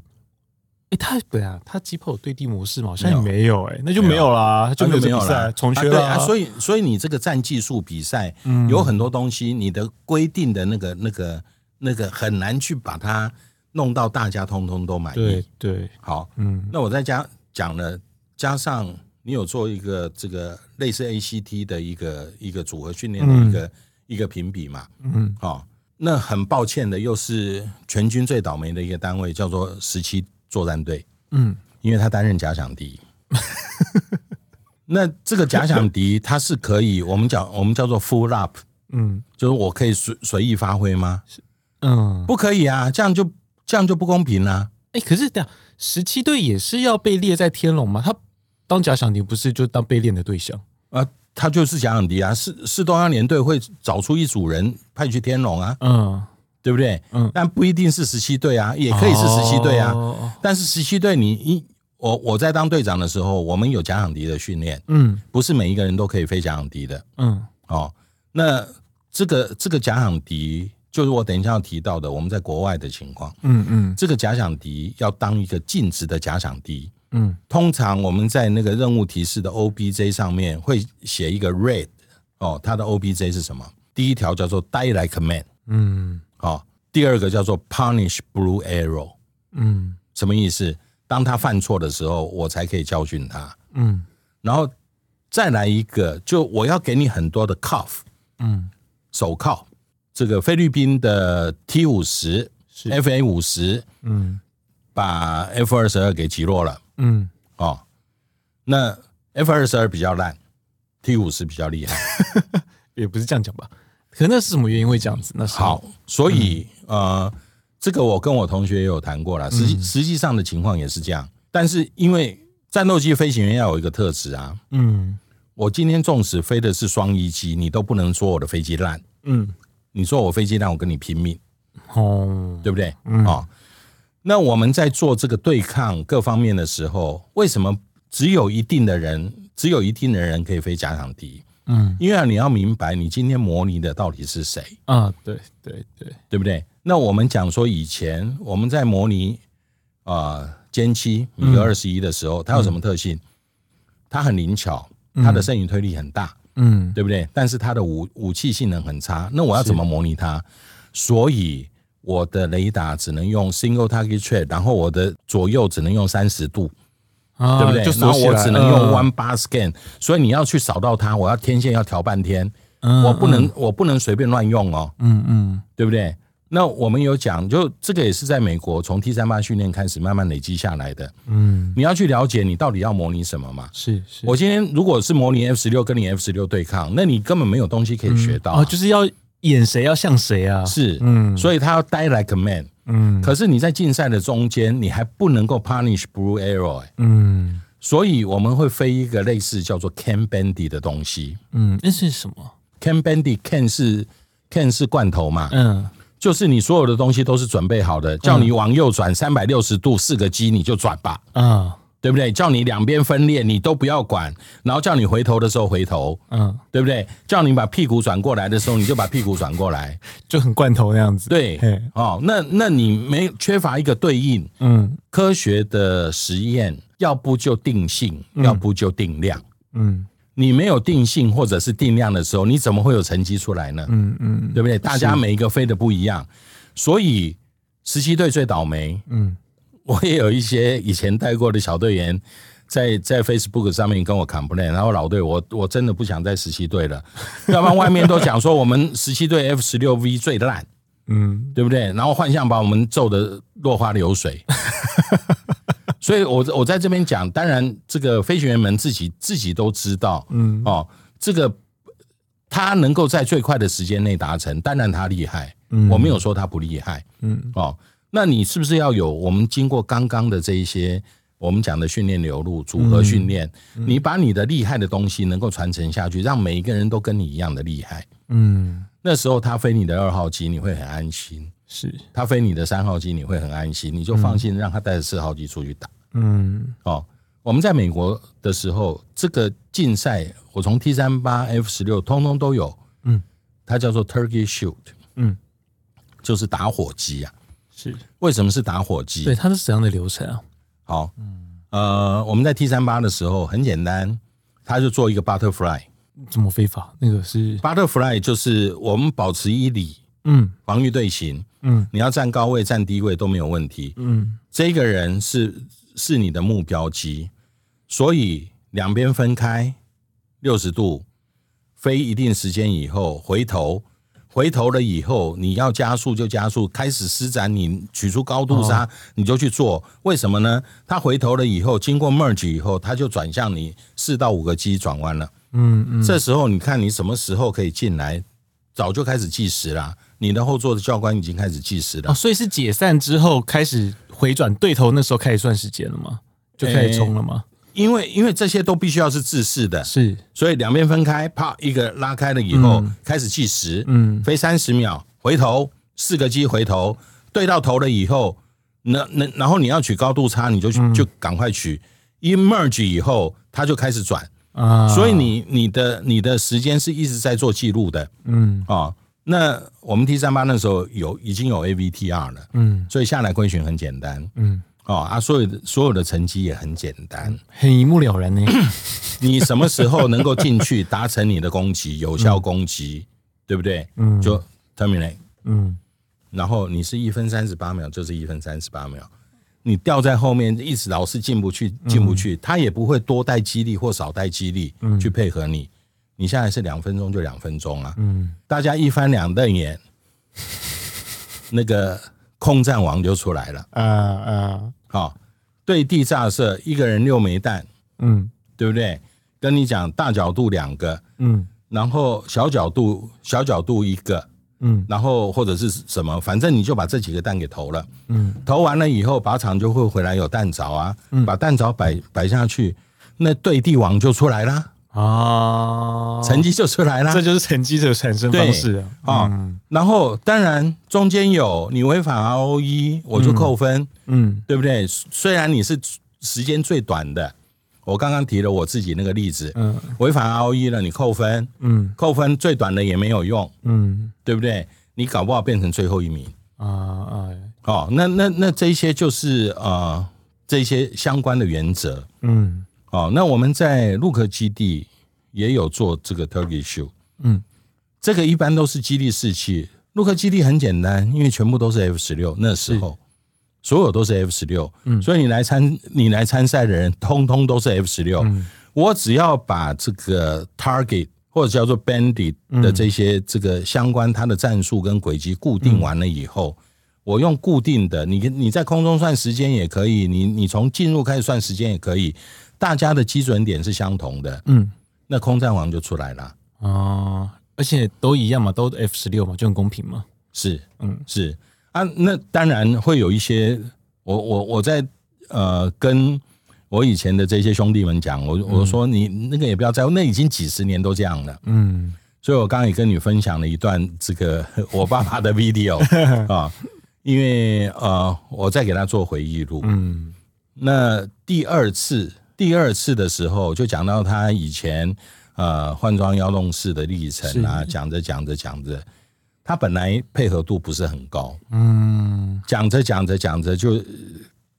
他不啊，他幾乎有對地模式嘛，好像沒有哎、欸，那就沒有啦，沒有他就沒有了、啊，重缺了、啊啊，對啊。所以，所以你這個戰技術比賽、嗯，有很多東西，你的規定的那個、那個、那個很難去把它弄到大家通通都滿意，對。對，好，嗯，那我再加講了，加上你有做一個這個類似 ACT 的一個一個組合訓練的一個、嗯、一個評比嘛，嗯，好，那很抱歉的，又是全軍最倒霉的一個單位，叫做十七。作戰隊，嗯，因為他擔任假想敵， 那這個假想敵他是可以，我們講我們叫做 full up，嗯，就是我可以隨隨意發揮嗎？嗯，不可以啊，這樣就這樣就不公平啦、啊。哎、欸，可是這樣十七隊也是要被列在天龍嗎？他當假想敵不是就當被練的對象啊、呃？他就是假想敵啊，是是東亞聯隊會找出一組人派去天龍啊，嗯。對不對？嗯，但不一定是十七隊啊，也可以是十七隊啊。哦哦，但是十七隊，你我我在當隊長的時候，我們有假想敵的訓練。嗯，不是每一個人都可以飛假想敵的。嗯，哦，那這個這個假想敵就是我等一下要提到的，我們在國外的情況。嗯嗯，這個假想敵要當一個禁止的假想敵。嗯，通常我們在那個任務提示的 OBJ 上面會寫一個 Red。哦，它的 OBJ 是什麼？第一條叫做 Die Like a Man。嗯。哦，第二個叫做 Punish Blue Arrow，嗯，什麼意思？當他犯錯的時候，我才可以教訓他，嗯。然後再來一個，就我要給你很多的 cuff，嗯，手銬。這個菲律賓的 T 五十，是 F A 五十，嗯，把 F 二十二給擊落了，嗯。哦，那 F 二十二比較爛，T 五十比較厲害， 也不是這樣講吧？可那是什麼原因會這樣子？那好，所以、嗯、呃，這個我跟我同學也有談過了，實際、嗯、實際上的情況也是這樣。但是因為戰鬥機飛行員要有一個特質啊，嗯，我今天縱使飛的是雙翼機，你都不能說我的飛機爛，嗯，你說我飛機爛，我跟你拼命，哦，對不對？啊、嗯哦，那我們在做這個對抗各方面的時候，為什麼只有一定的人，只有一定的人可以飛假想敵？嗯，因為你要明白，你今天模擬的到底是誰啊？對對對，對不對？那我們講說，以前我們在模擬啊、呃、殲七米格二十一的時候、嗯，它有什麼特性、嗯？它很靈巧，它的剩餘推力很大，嗯，對不對？但是它的武武器性能很差，那我要怎麼模擬它？所以我的雷達只能用 single target track，然後我的左右只能用三十度。對不對？啊、就是我只能用 one bar scan，、嗯、所以你要去掃到它，我要天線要調半天、嗯，我不能、嗯、我不能隨便亂用哦。嗯嗯，對不對？那我們有講，就這個也是在美國從 T 三八訓練開始慢慢累積下來的。嗯，你要去了解你到底要模擬什麼嘛？是，是。我今天如果是模擬 F 十六跟你 F 十六對抗，那你根本沒有東西可以學到、啊嗯啊、就是要演誰要像誰啊？是，嗯，所以他要 die like a man。嗯，可是你在競賽的中間，你還不能夠 punish blue arrow、欸。嗯，所以我們會飛一個類似叫做 can bendy 的東西。嗯，那是什麼？can bendy can 是 can 是罐頭嘛？嗯，就是你所有的東西都是準備好的，叫你往右轉三百六十度四個 G，你就轉吧。嗯。嗯對不對？叫你兩邊分裂，你都不要管；然後叫你回頭的時候回頭，嗯，對不對？叫你把屁股轉過來的時候，你就把屁股轉過來，就很罐頭那樣子。對，嘿。哦，那那你沒缺乏一個對應，嗯，科學的實驗，要不就定性，要不就定量，嗯，嗯，你沒有定性或者是定量的時候，你怎麼會有成績出來呢？嗯嗯，對不對？大家每一個飛的不一樣，所以十七隊最倒霉，嗯。我也有一些以前帶過的小隊員在，在在 Facebook 上面跟我 complain，然後老隊我我真的不想在十七隊了，要不然外面都講說我們十七隊 F 十六 V 最爛，嗯，對不對？然後幻象把我們揍得落花流水，所以我我在這邊講，當然這個飛行員們自己自己都知道，嗯，哦，這個他能夠在最快的時間內達成，當然他厲害，我沒有說他不厲害，嗯，哦。那你是不是要有我們經過剛剛的這一些我們講的訓練流露、嗯、組合訓練、嗯，你把你的厲害的東西能夠傳承下去，讓每一個人都跟你一樣的厲害。嗯，那時候他飛你的二號機，你會很安心。是，他飛你的三號機，你會很安心，你就放心讓他帶着四號機出去打。嗯哦，我們在美國的時候，這個競賽我從 T 三八 F 十六通通都有。嗯，它叫做 Turkey Shoot，嗯，就是打火雞呀、啊。是，為什麼是打火機？對，它是怎樣的流程啊？好，嗯，呃，我們在 T 三八的時候很簡單，他就做一個 butterfly。怎麼飛法？那個是 butterfly，就是我們保持一里，嗯，防禦隊形，嗯，你要站高位，站低位都沒有問題，嗯，這個人是是你的目標機，所以兩邊分開六十度，飛一定時間以後回頭。回頭了以後，你要加速就加速，開始施展你取出高度差，哦，你就去做。為什麼呢？他回頭了以後，經過 merge 以後，他就轉向你四到五個 G 轉彎了。嗯嗯，這時候你看你什麼時候可以進來，早就開始計時了。你的後座的教官已經開始計時了。哦，所以是解散之後開始回轉對頭，那時候開始算時間了嗎？就開始衝了嗎？哎因為因為這些都必須要是自視的，是，所以兩邊分開，啪一個拉開了以後、嗯，開始計時，嗯，飛三十秒，回頭四個機回頭對到頭了以後，那那然後你要取高度差，你就、嗯、就趕快取，一 merge 以後它就開始轉啊，所以你你的你的時間是一直在做記錄的，嗯啊、哦，那我們 T 三八那時候有已經有 AVTR 了，嗯，所以下來歸詢很簡單，嗯。哦，啊，所以，所有的成績也很簡單，很一目了然呢、欸。 你什麼時候能夠進去，達成你的攻擊，有效攻擊，嗯、對不對？嗯，就 terminate，嗯，然後你是一分三十八秒，就是一分三十八秒。你掉在後面，一直老是進不去，進不去，嗯、他也不會多帶激勵或少帶激勵去配合你。嗯、你現在是兩分鐘就兩分鐘了、啊，嗯，大家一翻兩瞪眼， 那個。空戰王就出來了，啊啊，好，對地炸射一個人六枚彈，嗯，對不對？跟你講大角度兩個，嗯，然後小角度小角度一個，嗯，然後或者是什麼，反正你就把這幾個彈給投了，嗯，投完了以後靶場就會回來有彈着啊，嗯，把彈着擺擺下去，那對地王就出來了。啊、哦，成績就出來了，這就是成績的產生方式啊。哦嗯、然後，當然中間有你違反 R O E，我就扣分嗯，嗯，對不對？雖然你是時間最短的，我剛剛提了我自己那個例子，嗯，違反 R O E 了，你扣分，嗯，扣分最短的也沒有用，嗯，對不對？你搞不好變成最後一名啊啊、嗯！哦，那那那這一些就是呃，這些相關的原則，嗯。哦，那我們在路克基地也有做這個 Turkey Shoot，嗯，這個一般都是基地士氣。路克基地很簡單，因為全部都是 F 十六，那時候所有都是 F 十六，所以你來參你來參賽的人，通通都是 F 十六。我只要把這個 target 或者叫做 bandit 的這些這個相關它的戰術跟軌跡固定完了以後，嗯，我用固定的，你你在空中算時間也可以，你你從進入開始算時間也可以。大家的基準點是相同的，嗯，那空戰王就出來了哦。而且都一樣嘛，都 F 十六嘛，就很公平嘛，是，嗯，是啊，那當然會有一些，我我我在呃，跟我以前的這些兄弟們講，我我說你那個也不要在乎，嗯，那已經幾十年都這樣了，嗯，所以我剛剛也跟你分享了一段這個我爸爸的 video 啊， 哦，因為呃，我在給他做回憶錄，嗯，那第二次。第二次的時候，就講到他以前呃換裝幺洞四的歷程啊，講着講着講着，他本來配合度不是很高，嗯，講着講着講着，就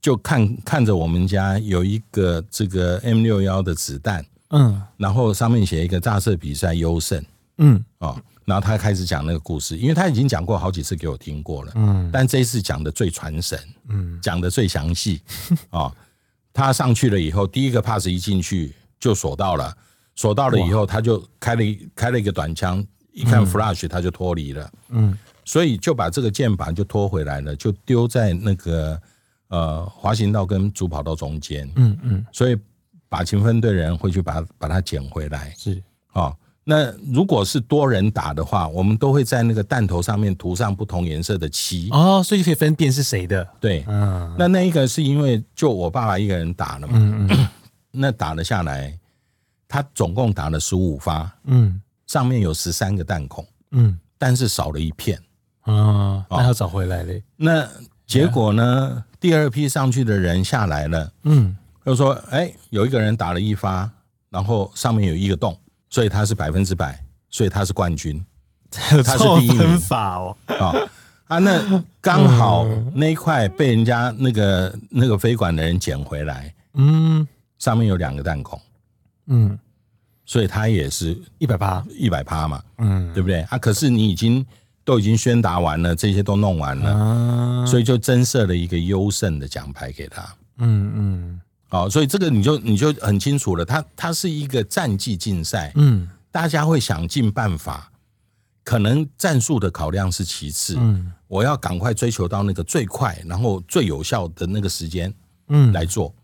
就看看着我們家有一個這個 M 六幺的子彈，嗯，然後上面寫一個炸射比賽優勝，嗯，啊、哦，然後他開始講那個故事，因為他已經講過好幾次給我聽過了，嗯，但這一次講的最傳神，嗯，講的最詳細，啊、哦。 他上去了以後，第一個 pass 一進去就鎖到了，鎖到了以後，他就開了開了一個短槍，一看 flash、嗯、他就脫離了，嗯，所以就把這個箭靶就拖回來了，就丟在那個呃滑行道跟主跑道中間，嗯嗯，所以把勤奮隊人會去把把它撿回來，是啊。哦那如果是多人打的話，我們都會在那個彈頭上面塗上不同顏色的漆哦，所以可以分辨是誰的。對，嗯，嗯，那那一個是因為就我爸爸一個人打的嘛，嗯，嗯 那打了下來，他總共打了十五發，嗯，上面有十三個彈孔，嗯，但是少了一片，啊、哦，那他找回來嘞、哦。那結果呢、嗯，第二批上去的人下來了，嗯，他說，哎，有一個人打了一發，然後上面有一個洞。所以他是百分之百，所以他是冠軍，他是第一名。哦 哦、啊啊，那剛好那一塊被人家那個那個飛官的人撿回來，嗯，上面有兩個彈孔，嗯，所以他也是一百趴，一百趴嘛，嗯，對不對啊？可是你已經都已經宣達完了，這些都弄完了，啊、所以就增設了一個優勝的獎牌給他，嗯嗯。哦，所以這個你就你就很清楚了，它它是一個戰績競賽，嗯，大家會想盡辦法，可能戰術的考量是其次，嗯，我要趕快追求到那個最快，然後最有效的那個時間，嗯，來做，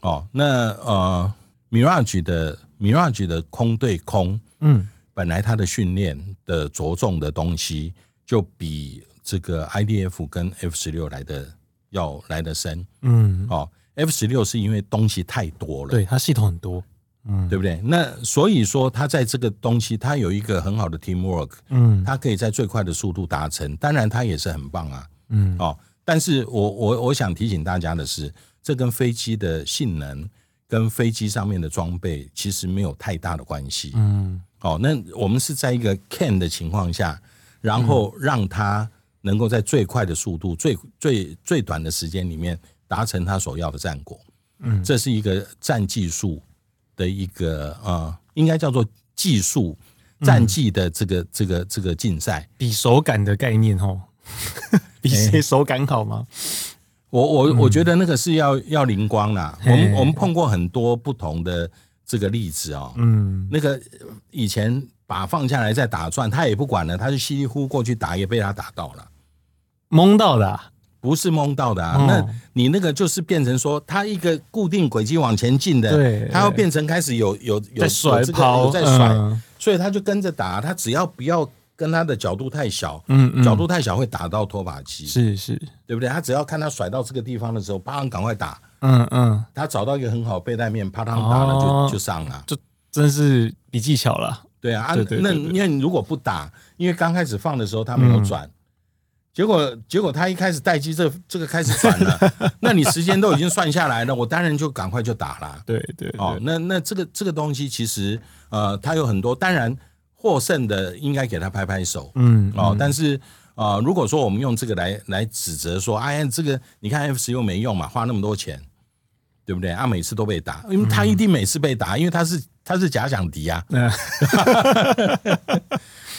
哦，那呃，Mirage 的 Mirage 的空對空，嗯，本來它的訓練的着重的東西，就比這個 IDF 跟 F-16 來得要來得深，嗯，哦。F-16 是因為東西太多了，對，它系統很多，嗯，對不對？那所以說它在這個東西，它有一個很好的 teamwork，嗯，它可以在最快的速度達成，當然它也是很棒啊，嗯，哦，但是我我我想提醒大家的是，這跟飛機的性能跟飛機上面的裝備其實沒有太大的關係，嗯，哦，那我們是在一個 can 的情況下，然後讓它能夠在最快的速度、最最最短的時間裡面，達成他所要的戰果，嗯，這是一個戰技術的一個啊、呃，應該叫做技術戰績的這個、嗯、這個這個競賽，比手感的概念哦， 比誰手感好嗎？欸、我我我覺得那個是要、嗯、要靈光啦，我們我們碰過很多不同的這個例子哦、喔，嗯，那個以前把放下來再打轉，他也不管了，他就稀里呼過去打，也被他打到了，懵到的、啊。不是蒙到的啊、哦，那你那個就是變成說，他一個固定軌迹往前進的對，他要變成開始有有有在,甩有,、這個、有在甩拋，在、嗯、甩，所以他就跟着打，他只要不要跟他的角度太小，嗯嗯，角度太小會打到拖靶機，是是，對不對？他只要看他甩到這個地方的時候，啪，趕快打，嗯嗯，他找到一個很好背帶面，啪，他打了就就上了，這真是比技巧了，對啊，對對對對那那你如果不打，因為剛開始放的時候他沒有轉。嗯結果，結果他一開始待機，這這個開始轉了。 那你時間都已經算下來了，我當然就趕快就打了。對對，對，哦，那那這個這個東西其實，呃，他有很多。當然獲勝的應該給他拍拍手。嗯，嗯，哦，但是呃，如果說我們用這個來來指責說，哎、啊、呀，這個你看 F-16 沒用嘛，花那麼多錢，對不對？他、啊、每次都被打，因為他一定每次被打，因為他是他是假想敵啊。嗯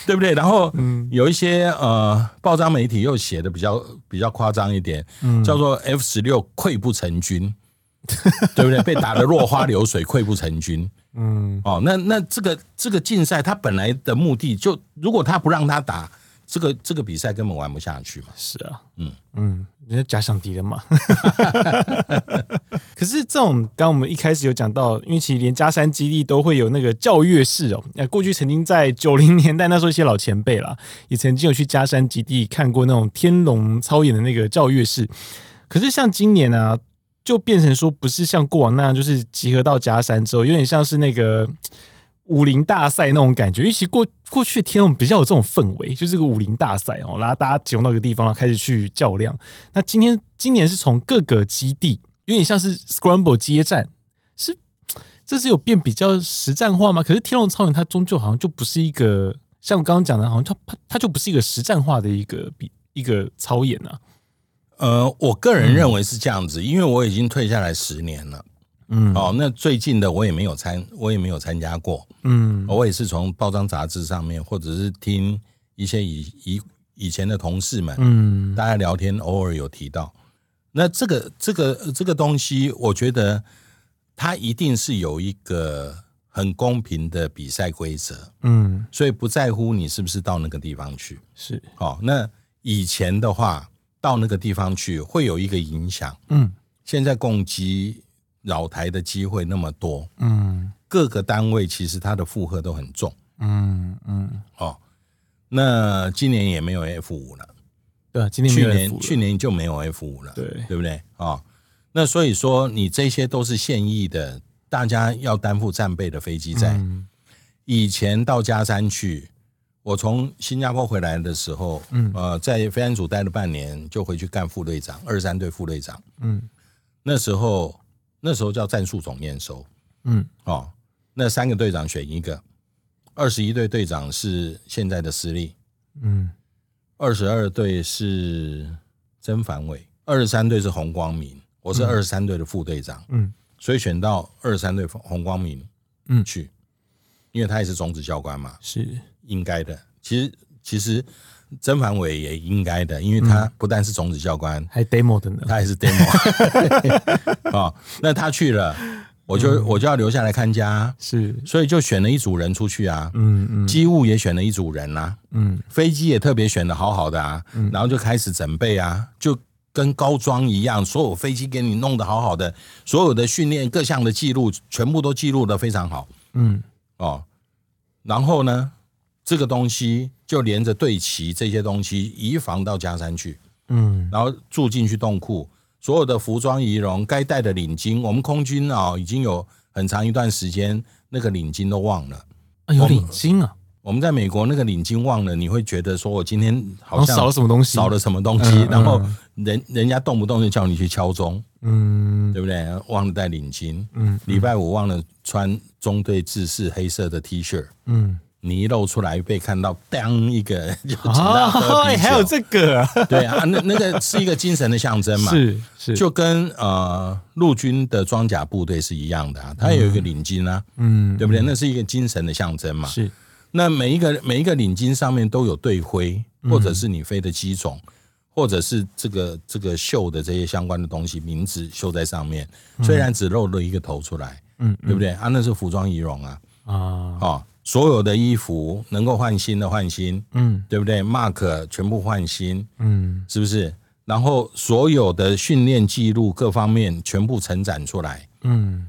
對不對？然後有一些、嗯、呃，報章媒體又寫的比較比較誇張一點，嗯、叫做 F-16 潰不成軍、嗯，對不對？被打得落花流水，潰不成軍。嗯，哦，那那這個這個競賽，它本來的目的就，如果他不讓他打這個這個比賽，根本玩不下去嘛。是啊，嗯嗯。嗯人家假想敵的嘛 ， 可是這種剛我們一開始有講到，因為其實連佳山基地都會有那個校閱式哦。那過去曾經在九零年代那時候一些老前輩啦，也曾經有去佳山基地看過那種天龍操演的那個校閱式。可是像今年呢，啊，就變成說不是像過往那樣，就是集合到佳山之後，有點像是那個。武林大賽那種感覺，尤其，過過去天龍比較有這種氛圍，就是個武林大賽哦，然後大家集中到一個地方，然後開始去較量。那今天今年是從各個基地，有點像是 Scramble 接戰，是這是有變比較實戰化嗎？可是天龍操演他終究好像就不是一個，像我剛剛講的，好像他他他就不是一個實戰化的一個比一個操演啊。呃，我個人認為是這樣子，嗯，因為我已經退下來十年了。嗯，哦，那最近的我也沒有參，我也沒有參加過，嗯，我也是從報章雜誌上面，或者是聽一些以以以前的同事們，嗯，大家聊天偶爾有提到，那這個這個這個東西，我覺得它一定是有一個很公平的比賽規則，嗯，所以不在乎你是不是到那個地方去，是，哦，那以前的話到那個地方去會有一個影響，嗯，現在攻擊。擾台的機會那麼多，嗯，各個單位其實它的負荷都很重，嗯嗯，哦，那今年也沒有 F 五了，對、啊，今年也了去年去年就沒有 F 五了，對，對不對啊、哦？那所以說，你這些都是現役的，大家要擔負戰備的飛機在、嗯。以前到嘉山去，我從新加坡回來的時候，嗯，呃，在飛安組待了半年，就回去幹副隊長，二三隊副隊長，嗯，那時候。那時候叫戰術總驗收，嗯，哦，那三個隊長選一個，二十一隊隊長是現在的司令，嗯，二十二隊是曾凡偉，二十三隊是洪光明，我是二十三隊的副隊長，嗯，所以選到二十三隊洪光明，嗯，去，因為他也是種子教官嘛，是應該的，其實其實，曾凡偉也應該的，因為他不但是種子教官，嗯、還 demo 的呢，他也是 demo 啊、 哦。那他去了，我就、嗯、我就要留下來看家，是，所以就選了一組人出去啊，嗯機務、嗯、也選了一組人啊，嗯，飛機也特別選的好好的啊、嗯，然後就開始準備啊，就跟高裝一樣，所有飛機給你弄得好好的，所有的訓練各項的記錄全部都記錄的非常好，嗯哦，然後呢，這個東西。就連着隊旗這些東西移防到佳山去，嗯，然後住進去洞庫，所有的服裝儀容，該戴的領巾，我們空軍啊、喔、已經有很長一段時間那個領巾都忘了啊，有領巾啊，我們在美國那個領巾忘了，你會覺得說我今天好像少了什麼東西，少了什麼東西，然後人人家動不動就叫你去敲鐘，嗯，對不對？忘了帶領巾，嗯，禮拜五忘了穿中隊制式黑色的 T 恤，嗯。你一露出來被看到，當一個，啊、哦，還有這個、啊，對啊，那那個是一個精神的象徵嘛，是是，就跟呃陸軍的裝甲部隊是一樣的、啊，它有一個領巾啊，嗯，對不對？嗯、那是一個精神的象徵嘛，是。那每一個每一個領巾上面都有隊徽，或者是你飛的機種、嗯，或者是這個這個繡的這些相關的東西名字繡在上面，雖然只露了一個頭出來，嗯，嗯對不對？啊，那是服裝儀容啊，啊啊。哦所有的衣服能夠換新的換新，嗯，對不對？Mark 全部換新，嗯，是不是？然後所有的訓練記錄各方面全部成長出來，嗯，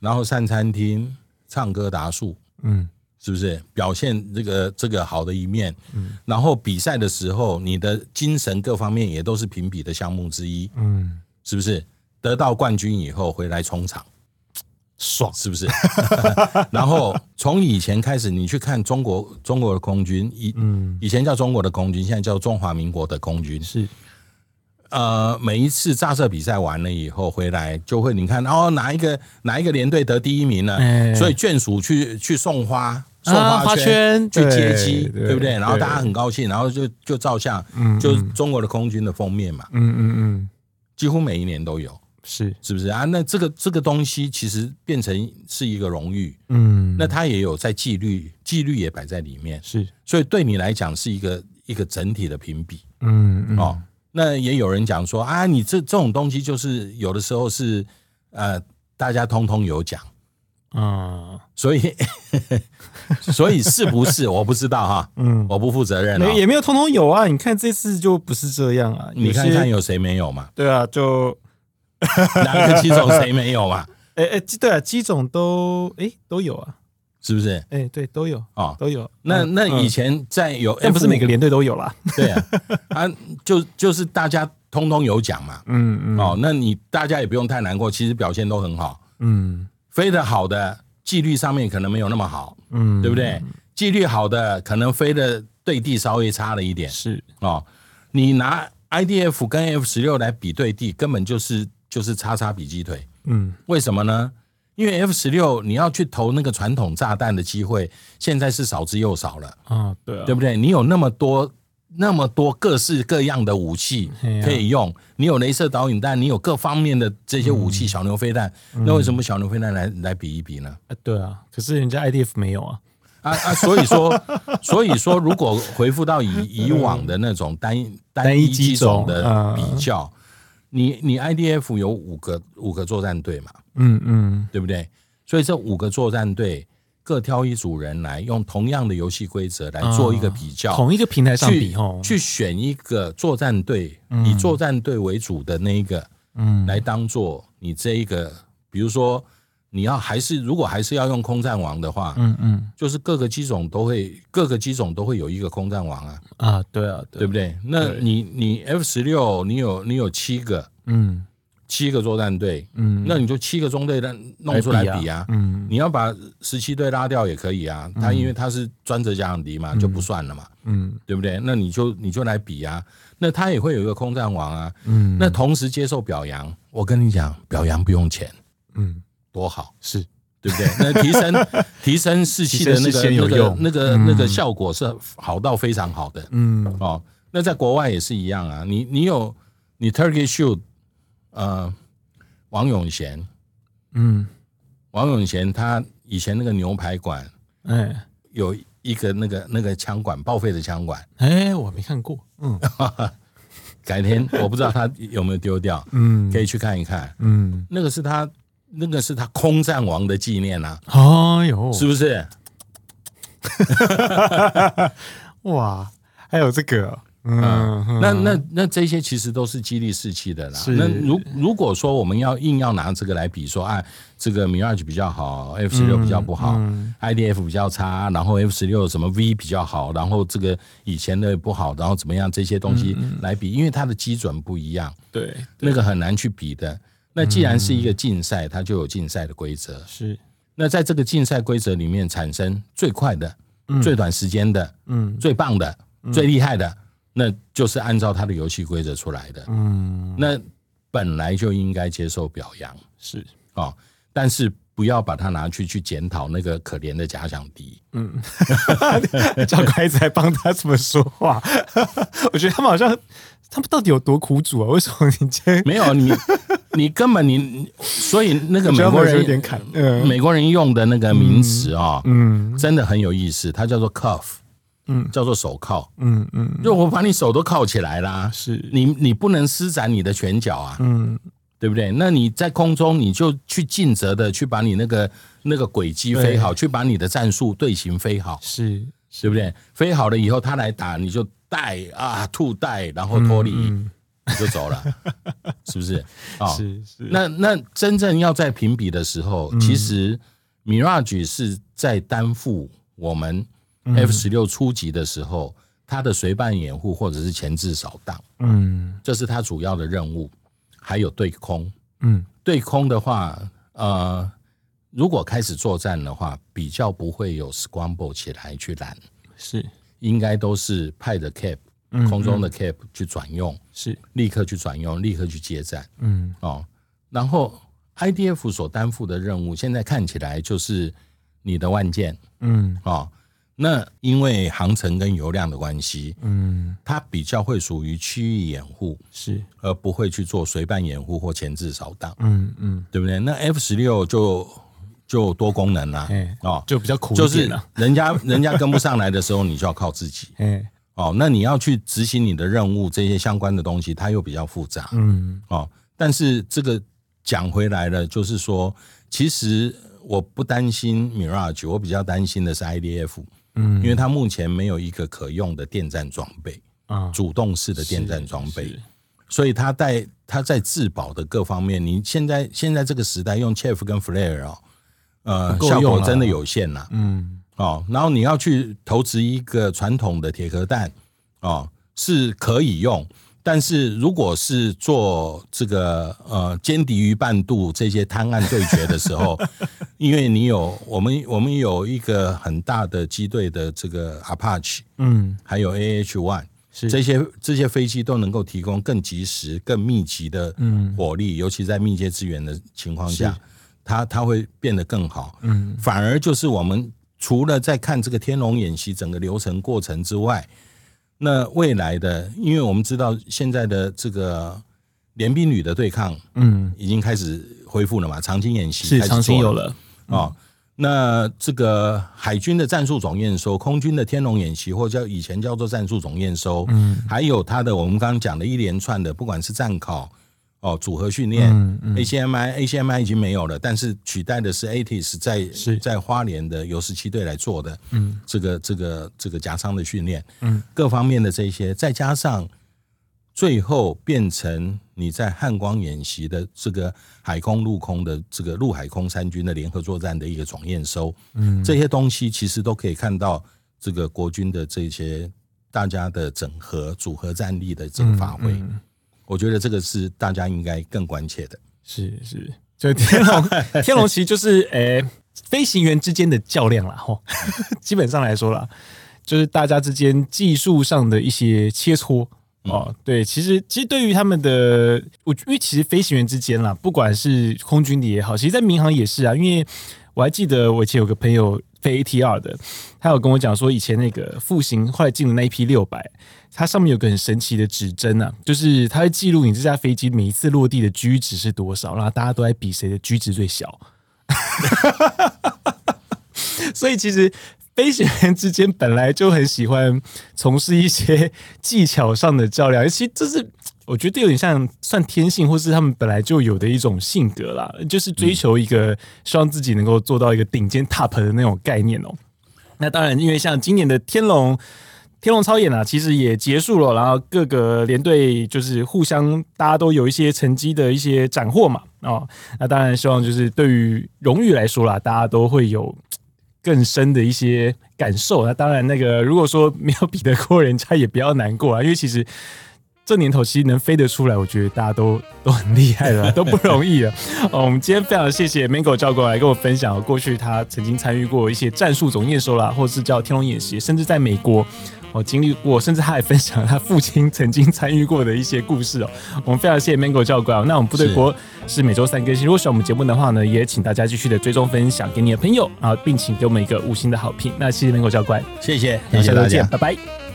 然後上餐廳唱歌答數，嗯，是不是？表現這個這個好的一面，嗯，然後比賽的時候，你的精神各方面也都是評比的項目之一，嗯，是不是？得到冠軍以後回來衝場。爽是不是？ 然後從以前開始，你去看中國中國的空軍，以、嗯、以前叫中國的空軍，現在叫中華民國的空軍。是呃，每一次炸射比賽完了以後回來，就會你看哦，哪一個哪一個聯隊得第一名了，所以眷屬去去送花，送花圈去接機、嗯，對不對，對？然後大家很高興，然後就就照相，就中國的空軍的封面嘛，嗯嗯嗯，幾乎每一年都有。是是不是啊？那這個這個東西其實變成是一個榮譽，嗯，那他也有在紀律，紀律也擺在裡面，是。所以對你來講是一個一個整體的評比，嗯，嗯哦。那也有人講說啊，你這這種東西就是有的時候是呃，大家通通有獎，嗯，所以 所以是不是我不知道哈，嗯，我不負責任、哦、也沒有通通有啊。你看這次就不是這樣啊，你看看有誰沒有嘛？對啊，就。 哪個機種誰沒有啊？哎、欸、哎、欸，對啊，機種都哎、欸、都有啊，是不是？哎、欸、對，都有啊，哦，都有。那、嗯、那以前在有 F5，哎，不是每個連隊都有啦。 對啊，啊就就是大家通通有獎嘛。嗯嗯。哦，那你大家也不用太難過，其實表現都很好。嗯。飛得好的，紀律上面可能沒有那麼好。嗯，對不對？紀律好的，可能飛的對地稍微差了一點。是哦，你拿 IDF 跟 F 十六來比對地，根本就是。就是叉叉比雞腿，嗯，為什麼呢？因為 F 十六你要去投那個傳統炸彈的機會，現在是少之又少了啊，對啊，對不對？你有那麼多那麼多各式各樣的武器可以用，啊、你有鐳射導引彈，你有各方面的這些武器，嗯、小牛飛彈、嗯，那為什麼小牛飛彈來來比一比呢？啊，對啊，可是人家 IDF 沒有啊，啊啊，所以說 所以說，如果回復到以 以往的那種單單一機種的比較。你你 IDF 有五個五個作戰隊嘛？嗯嗯，對不對？所以這五個作戰隊各挑一組人來，用同樣的遊戲規則來做一個比較，同一個平台上比，去選一個作戰隊，以作戰隊為主的那一個，嗯，來當做你這一個，比如說。你要還是如果還是要用空戰王的話，嗯嗯，就是各個機種都會各個機種都會有一個空戰王啊啊，對啊對，對不對？那你對你 F 十六，你有你有七個，嗯，七個作戰隊，嗯，那你就七個中隊的弄出來比，啊，來比啊，啊，嗯，你要把十七隊拉掉也可以啊，他、嗯、因為他是專責假想敵嘛、嗯，就不算了嘛，嗯，對不對？那你就你就來比啊，那他也會有一個空戰王啊，嗯，那同時接受表揚，我跟你講，表揚不用錢，嗯。多好，是對不對？那提升 提升士氣的那個有那個那個那個效果是好到非常好的，嗯哦。那在國外也是一樣啊。你你有你 Turkey shoot，呃，王永賢，嗯，王永賢他以前那個牛排館，哎，有一個那個那個槍管報廢的槍管，哎，我沒看過，嗯， 改天我不知道他有沒有丟掉，嗯，可以去看一看，嗯，那個是他。那個是他空戰王的紀念吶、啊，哎、啊、呦，是不是？ 哇，還有這個、哦嗯，嗯，那那那這些其實都是激勵士氣的啦。是，那如如果說我們要硬要拿這個來比說，說啊，這個 Mirage 比較好，F 十六比較不好、嗯嗯，IDF 比較差，然後 F 十六什麼 V 比較好，然後這個以前的不好，然後怎麼樣這些東西來比，嗯嗯、因為它的基準不一樣，對，對那個很難去比的。那既然是一個競賽，它、嗯、就有競賽的規則。是，那在這個競賽規則裡面產生最快的、嗯、最短時間的、嗯，最棒的、嗯、最厲害的，那就是按照它的遊戲規則出來的。嗯，那本來就應該接受表揚，是哦，但是不要把它拿去去檢討那個可憐的假想敵。嗯，哈哈哈，叫乖仔幫他這麼說話。 我覺得他們好像。他們到底有多苦主啊？為什麼你這沒有你？你根本你所以那個美國人， 人有點砍，嗯、美國人用的那個名詞啊、喔嗯，嗯，真的很有意思，它叫做 cuff，嗯，叫做手銬，嗯嗯，嗯，就我把你手都銬起來啦、啊，是，你你不能施展你的拳腳啊，嗯，對不對？那你在空中你就去盡責的去把你那個那個軌跡飛好，去把你的戰術隊形飛好是，是，對不對？飛好了以後，他來打你就。帶啊，兔帶，然後脫離、嗯嗯、你就走了， 是不是？哦、是是。那那真正要在評比的時候、嗯，其實 Mirage 是在擔負我們 F 十六初級的時候，它、嗯、的隨伴掩護或者是前置掃蕩，嗯，這是它主要的任務。還有對空，嗯，對空的話，呃，如果開始作戰的話，比較不會有 scramble 起來去攔，是。應該都是派的 cap，、嗯嗯、空中的 cap 去轉用，是立刻去轉用，立刻去接戰。嗯哦、然後 IDF 所擔負的任務，現在看起來就是你的萬劍。嗯、哦、那因為航程跟油量的關係，嗯，它比較會屬於區域掩護，是而不會去做隨伴掩護或前置掃蕩，嗯嗯，對不對？那 F 十六就。就多功能啦，啊，哦、hey, oh,，就比較苦一點了，就是人家 人家跟不上來的時候，你就要靠自己。哦、hey. oh,，那你要去執行你的任務，這些相關的東西，它又比較複雜。嗯，哦、oh,，但是這個講回來了，就是說，其實我不擔心 Mirage，嗯、我比較擔心的是 IDF，嗯、因為它目前沒有一個可用的電站裝備，啊，oh,，主動式的電站裝備，所以它在它在自保的各方面，你現在現在這個時代用 chaff 跟 Flare 啊，哦。呃，效果真的有限啦、啊啊。嗯，哦，然後你要去投資一個傳統的鐵殼彈，哦，是可以用，但是如果是做這個呃殲敵於半渡這些灘岸對決的時候， 因為你有我們我們有一個很大的機隊的這個 Apache，嗯，還有 AH-1，是這些這些飛機都能夠提供更及時、更密集的嗯火力嗯，尤其在密接支援的情況下。它它會變得更好，嗯，反而就是我們除了在看這個天龍演習整個流程過程之外，那未來的，因為我們知道現在的這個聯兵旅的對抗，嗯，已經開始恢復了嘛，嗯、長青演習是長青有了、嗯哦、那這個海軍的戰術總驗收，空軍的天龍演習，或者叫以前叫做戰術總驗收，嗯，還有它的我們剛剛講的一連串的，不管是戰考。哦，組合訓練，ACMI，ACMI、嗯嗯、已經沒有了，但是取代的是 ATIS，在是在花蓮的游17隊來做的、這個嗯，這個這個這個莢艙的訓練、嗯，各方面的這些，再加上最後變成你在漢光演習的這個海空陸空的這個陸海空三軍的聯合作戰的一個總驗收，嗯，這些東西其實都可以看到這個國軍的這些大家的整合組合戰力的這個發揮。嗯嗯我覺得這個是大家應該更關切的。是是，就天龍， 天龍其實就是誒、欸，飛行員之間的較量啦，吼、哦，基本上來說啦，就是大家之間技術上的一些切磋哦、嗯。對，其實其實對於他們的，我因為其實飛行員之間啦，不管是空軍的也好，其實，在民航也是啊。因為我還記得我以前有個朋友飛 ATR 的，他有跟我講說，以前那個復興後來進的那一批六百。它上面有個很神奇的指針啊，就是它會記錄你這架飛機每一次落地的居值是多少，然後大家都在比誰的居值最小。 所以其實飛行員之間本來就很喜歡從事一些技巧上的較量，其實這、就是我覺得有點像算天性，或是他們本來就有的一種性格啦，就是追求一個、嗯、希望自己能夠做到一個頂尖踏 o 的那種概念哦、喔。那當然，因為像今年的天龍。天龍操演啊，其實也結束了，然後各個聯隊就是互相，大家都有一些成績的一些斬獲嘛，哦，那當然希望就是對於榮譽來說啦，大家都會有更深的一些感受。那當然，那個如果說沒有比得過人家，也不要難過啊，因為其實這年頭其實能飛得出來，我覺得大家都都很厲害了，都不容易啊。 哦，我們今天非常謝謝 Mango 教官來跟我分享過去他曾經參與過一些戰術總驗收啦，或是叫天龍演習，甚至在美國。我經歷過，甚至他還分享他父親曾經參與過的一些故事哦。我們非常謝謝 Mango 教官哦。那我們部隊鍋是每周三更新。如果喜歡我們節目的話呢，也請大家繼續的追蹤分享給你的朋友啊，然後並請給我們一個五星的好評。那謝謝 Mango 教官，謝謝，謝謝大家，拜拜。